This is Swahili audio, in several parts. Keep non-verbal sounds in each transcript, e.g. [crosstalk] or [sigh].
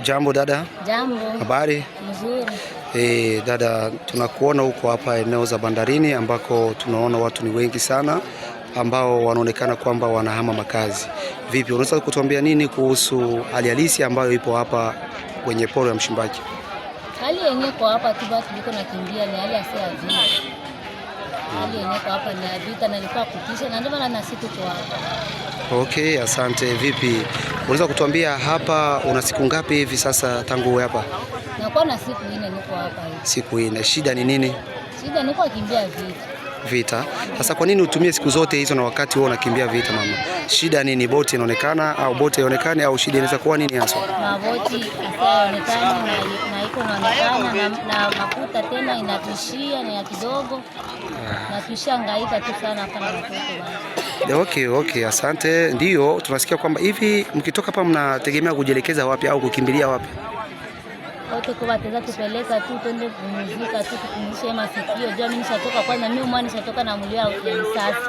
Jambo dada. Jambo. Habari? Nzuri. E, dada tunakuona huko hapa eneo za bandarini ambako tunaona watu ni wengi sana ambao wanaonekana kwamba wanahama makazi. Vipi, unaweza kutuambia nini kuhusu hali halisi ambayo ipo hapa kwenye poro ya Mshimbaji? Hali yenyewe kwa hapa tu basi tuliko nakimbia ni hali asiye vita. Hali yenyewe kwa hapa ni vita na nilikuwa kutisha na ndio maana na sisi tuko hapa. Okay, asante. Vipi unaweza kutuambia hapa una siku ngapi hivi sasa tangu uwe hapa? Nakuwa na siku nne niko hapa hivi. Siku nne. Shida ni nini? Shida niko kimbia vita vita. Sasa kwa nini utumie siku zote hizo na wakati wewe unakimbia vita mama? Shida nini? Boti inaonekana au boti haionekani au shida inaweza kuwa nini hasa? Na boti na iko inaonekana na makuta tena inatishia na kidogo. Ah. Na tushangaika tu sana watoto Okay, okay, asante. Ndio tunasikia kwamba hivi mkitoka hapa mnategemea kujielekeza wapi au kukimbilia wapi? watu wataweza tupeleka tu twende kupumzika tu kupumzisha masikio. Jua mimi nishatoka kwanza, mimi mwana nishatoka na mlio ya msasi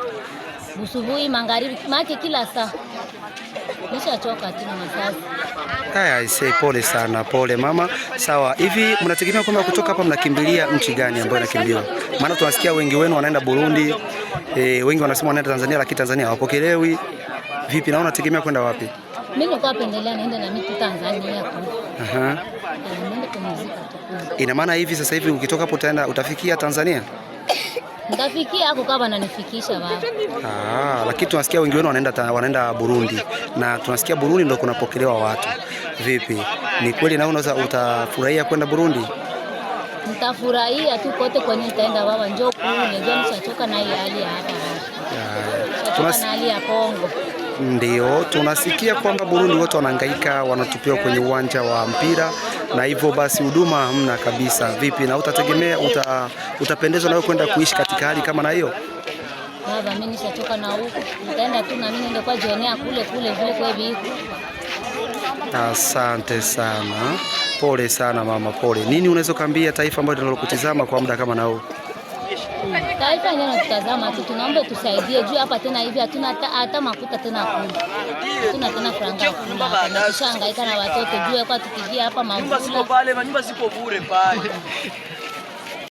busubuhi, magharibi, maki kila saa nishachoka tu na masasi haya. Aisee, pole sana, pole mama. Sawa, hivi mnategemea kwamba kutoka hapa mnakimbilia nchi gani ambayo inakimbiwa? Maana tunasikia wengi wenu wanaenda Burundi, e, wengi wanasema wanaenda Tanzania, lakini Tanzania hawapokelewi. Vipi naona unategemea kwenda wapi? Mimi nilikuwa napendelea niende na mimi Tanzania kwa Uh -huh. Ina maana hivi sasa hivi ukitoka hapo utaenda utafikia Tanzania? [coughs] Nitafikia hapo kama ananifikisha baba. Ah, lakini tunasikia wengi wenu wanaenda wanaenda Burundi na tunasikia Burundi ndio kunapokelewa watu. Vipi? Ni kweli na unaweza utafurahia kwenda Burundi? Nitafurahia tu kote kwenye nitaenda baba, njoo kuni, njoo nisachoka na hii hali ya hapa. Tunas... na hali ya Kongo. Ndio tunasikia kwamba Burundi wote wanahangaika, wanatupiwa kwenye uwanja wa mpira na hivyo basi huduma hamna kabisa. Vipi na utategemea uta, utapendezwa nawe kwenda kuishi katika hali kama na hiyo? Baba, mimi nishatoka na huko, nitaenda tu na mimi ndio kwa jionea kule kule vile kwa hivi. Asante sana, pole sana mama, pole. Nini unaweza kuambia taifa ambalo linalokutizama kwa muda kama na huu? taifa ile natutazama tu, tunaomba tusaidie juu hapa tena hivi hatuna hata makuta tena kuna hatuna tena franga kushangaika na watoto juu kwa tukiingia hapa mambo, nyumba ziko pale, nyumba ziko bure pale